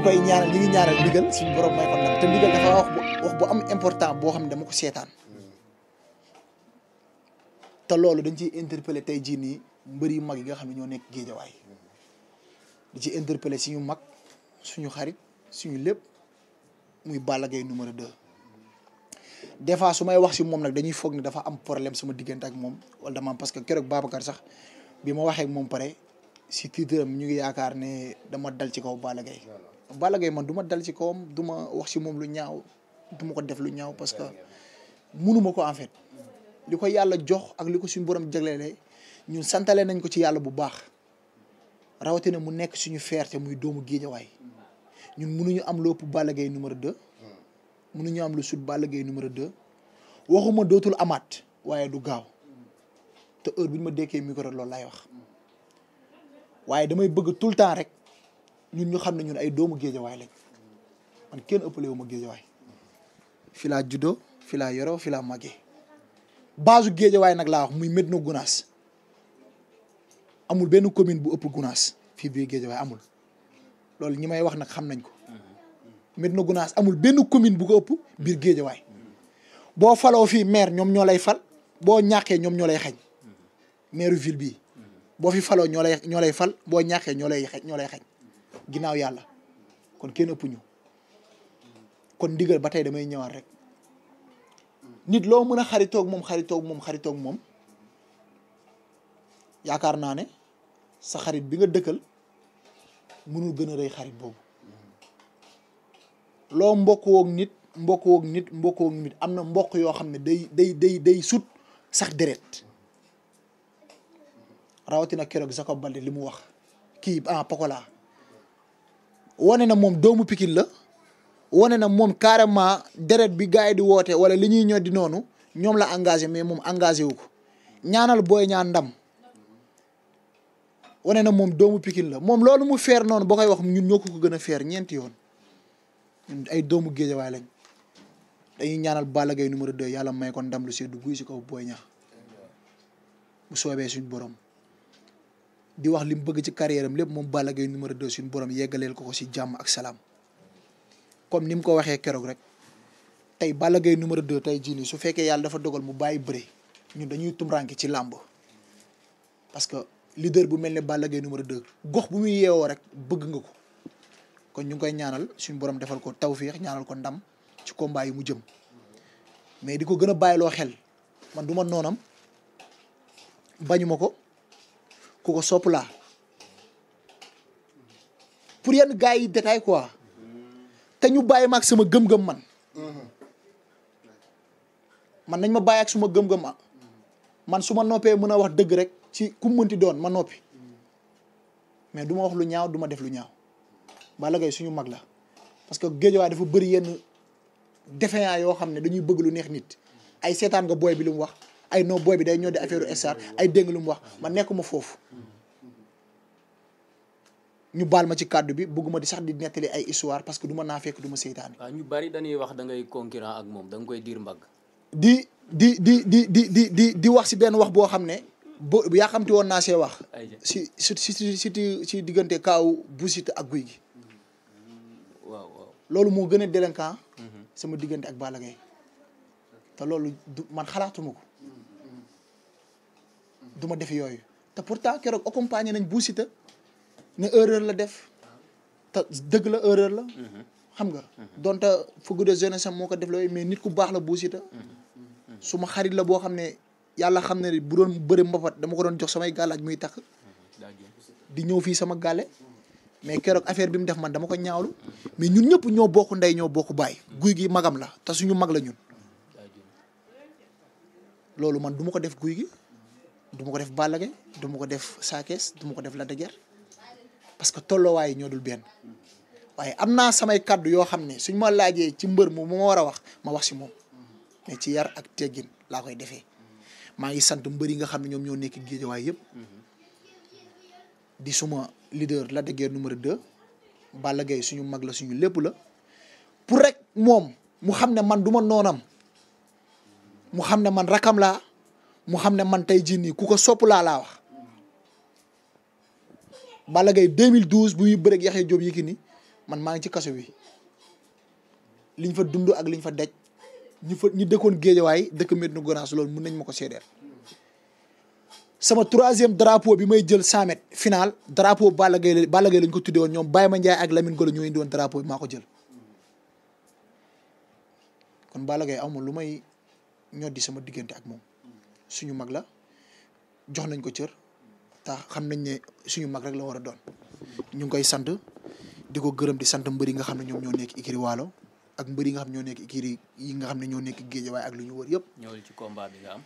ngi koy ñaanal ngi ñaanal ndigal suñu borom may ko ndam te ndigal dafa wax bu am important boo xam ne dama ko seetaan te loolu dañ ciy interpellé tey jii nii mbër yu mag yi nga xam ne ñoo nekk géejawaay di ci interpellé suñu mag suñu xarit suñu lépp muy Balla Gaye numéro 2. des fois su may wax si moom nag dañuy foog ne dafa am problème suma diggante ak moom wala dama am parce que keroog Babacar sax bi ma waxee ak moom pare si tiitaram ñu ngi yaakaar ne dama dal ci kaw Balla Gaye Balla Gaye man du ma dal ci kawam duma wax ci moom lu ñaaw duma ko def lu ñaaw parce que munuma ko en fait li ko yàlla jox ak li ko suñu borom jagleele ñun santale nañ ko ci yàlla bu baax rawatina mu nekk suñu fierté muy doomu géejawaay ñun mënuñu am lu ëpp Balla Gaye numéro am lu sut Balla Gaye numéro 2 waxuma dootul amaat waaye du gaaw te heure bi ñu ma dekkee micro loolu laay wax waaye damay bëgg tout le temps rek ñun ñu xam ne ñun ay doomu géejawaay lañ man kenn ëppale wu ma géejawaay fi laa juddoo fi laa yoroo fi laa màggee nag laa wax muy Médina Gounass amul benn commune bu ëpp Gounass fii biir géejawaay amul loolu ñi may wax nag xam nañ ko Médina Gounass amul benn commune bu ëpp biir géejawaay boo faloo fii maire ñoom ñoo lay fal boo ñàkkee ñoom ñoo lay xañ maire ville bi boo fi faloo ñoo ñoo lay fal boo ñàkkee ñoo lay ñoo lay xañ ginnaaw yàlla kon kenn ëpp ñu kon digal ba tey damay ñëwaat rek nit loo mën a xaritoog moom xaritoog moom xaritoog moom yaakaar naa ne sa xarit bi nga dëkkal mënul gën a rey xarit boobu loo mbokk nit mbokk woog nit mbokk nit am na mbokk yoo xam ne day day day day sut sax deret rawatina keroog Jacob Baldé li mu wax kii ah Pokola wane na moom doomu Pikine la wane na moom carrément deret bi gars yi di woote wala li ñuy ñoo di noonu ñoom la engagé mais moom engagé wu ko ñaanal booy ñaan ndam wane na moom doomu Pikine la moom loolu mu feer noonu boo koy wax ñun ñoo ko ko gën a feer ñeenti yoon ay doomu géejawaay lañ dañuy ñaanal Balla Gaye numéro 2 yàlla may ko ndam lu seddu guy si kaw booy ñax mu soobee suñ borom. di wax li mu bëgg ci carrière lépp moom Balla Gaye numéro 2 suñu borom yeggaleel ko ko si jàmm ak salaam comme ni mu ko waxee keroog rek tey Balla gay numéro 2 tey jii nii su fekkee yàlla dafa dogal mu bàyyi bëre ñun dañuy tumranke ci làmb parce que leader bu mel ne Balla Gaye numéro 2 gox bu muy yeewoo rek bëgg nga ko kon ñu ngi koy ñaanal suñu borom defal ko tawféex ñaanal ko ndam ci combat yi mu jëm mais di ko gën a bàyyiloo xel man du ma noonam bañu ma ko. ku ko sopp laa pour yenn gars yi détail quoi te ñu bàyyi ma ak sama gëm-gëm man man nañ ma bàyyi ak suma gëm-gëm ah man su ma noppee mën a wax dëgg rek ci ku mënti doon ma noppi mais du ma wax lu ñaaw duma def lu ñaaw la Balla su ñu mag la parce que géejawaay dafa bëri yenn défaillant yoo xam ne dañuy bëgg lu neex nit ay seetaan nga booy bi lu mu wax ay non booy bi day ñoo di affaire star ay dégg lu mu wax man nekkuma foofu ñu baal ma ci kàddu bi bëgguma di sax di nettali ay histoire parce que du ma naa fekk du ma seytaane. waaw ñu bari dañuy wax da ngay concurrent ak moom danga koy diir mbagg. di di di di di di di di wax si benn wax boo xam ne bo yaa xam xamti woon naa see wax. si si si si si diggante kaaw bu ak guy gi. loolu moo gën a délinquant. Mhm. sama diggante ak Balla te loolu du man xalaatuma ko. du ma def yooyu te pourtant keroog accompagné nañ Bou Siteu ne erreur la def te dëgg la erreur la. xam nga donte fougue de jeunesse am moo ko def looyu mais nit ku baax la Bou Siteu su ma xarit la boo xam ne yàlla xam ne bu doon bëri mbapat dama ko doon jox samay gàllaaj muy takk di ñëw fii sama gàlle mais keroog affaire bi mu def man dama ko ñaawlu mais ñun ñëpp ñoo bokku ndey ñoo bokk baay guy gi magam la te suñu mag la ñun loolu man duma ko def guy gi du ma ko def bala Gaye du ma ko def Sa du ma ko def la de parce que tolloowaay ñoo dul benn waaye am naa samay kàddu yoo xam ne suñ ma laajee ci mbër mu ma war a wax ma wax si moom mais ci yar ak teggin laa koy defee maa ngi sant mbër yi nga xam ne ñoom ñoo nekk géejawaay yëpp di suma leader la de Guiers numéro 2 Balla Gaye suñu mag la suñu lépp la pour rek moom mu xam ne man du ma noonam mu xam ne man rakam laa mu xam ne man tey jii nii ku ko sopp laa laa wax Balla Gaye 2012 bu muy bëreeg Yaxya Jóob ni man maa ngi ci kaso bi liñ fa dund ak liñ fa dej ñu fa ñu dëkkoon géejawaay dëkk Médina Gounass loolu mun nañ ma ko seedeel sama troisième drapeau bi may jël 100 mètres final drapeau bala Gaye Balla Gaye lañ ko tuddee woon ñoom Baye Ma Ndiaye ak Lamine Golo ñoo indi woon drapeau bi maa ko jël kon Balla Gaye amul lu may ñoddi sama diggante ak moom suñu mag la jox nañ ko cër tax xam nañ ne suñu mag rek la war a doon ñu ngi koy sant di ko gërëm di sant mbër yi nga xam ne ñoom ñoo nekk Ikiri Waalo ak mbër nga xam ñoo nekk Ikiri yi nga xam ne ñoo nekk Géejawaay ak lu ñu wër yëpp. ñëwal ci combat bi am.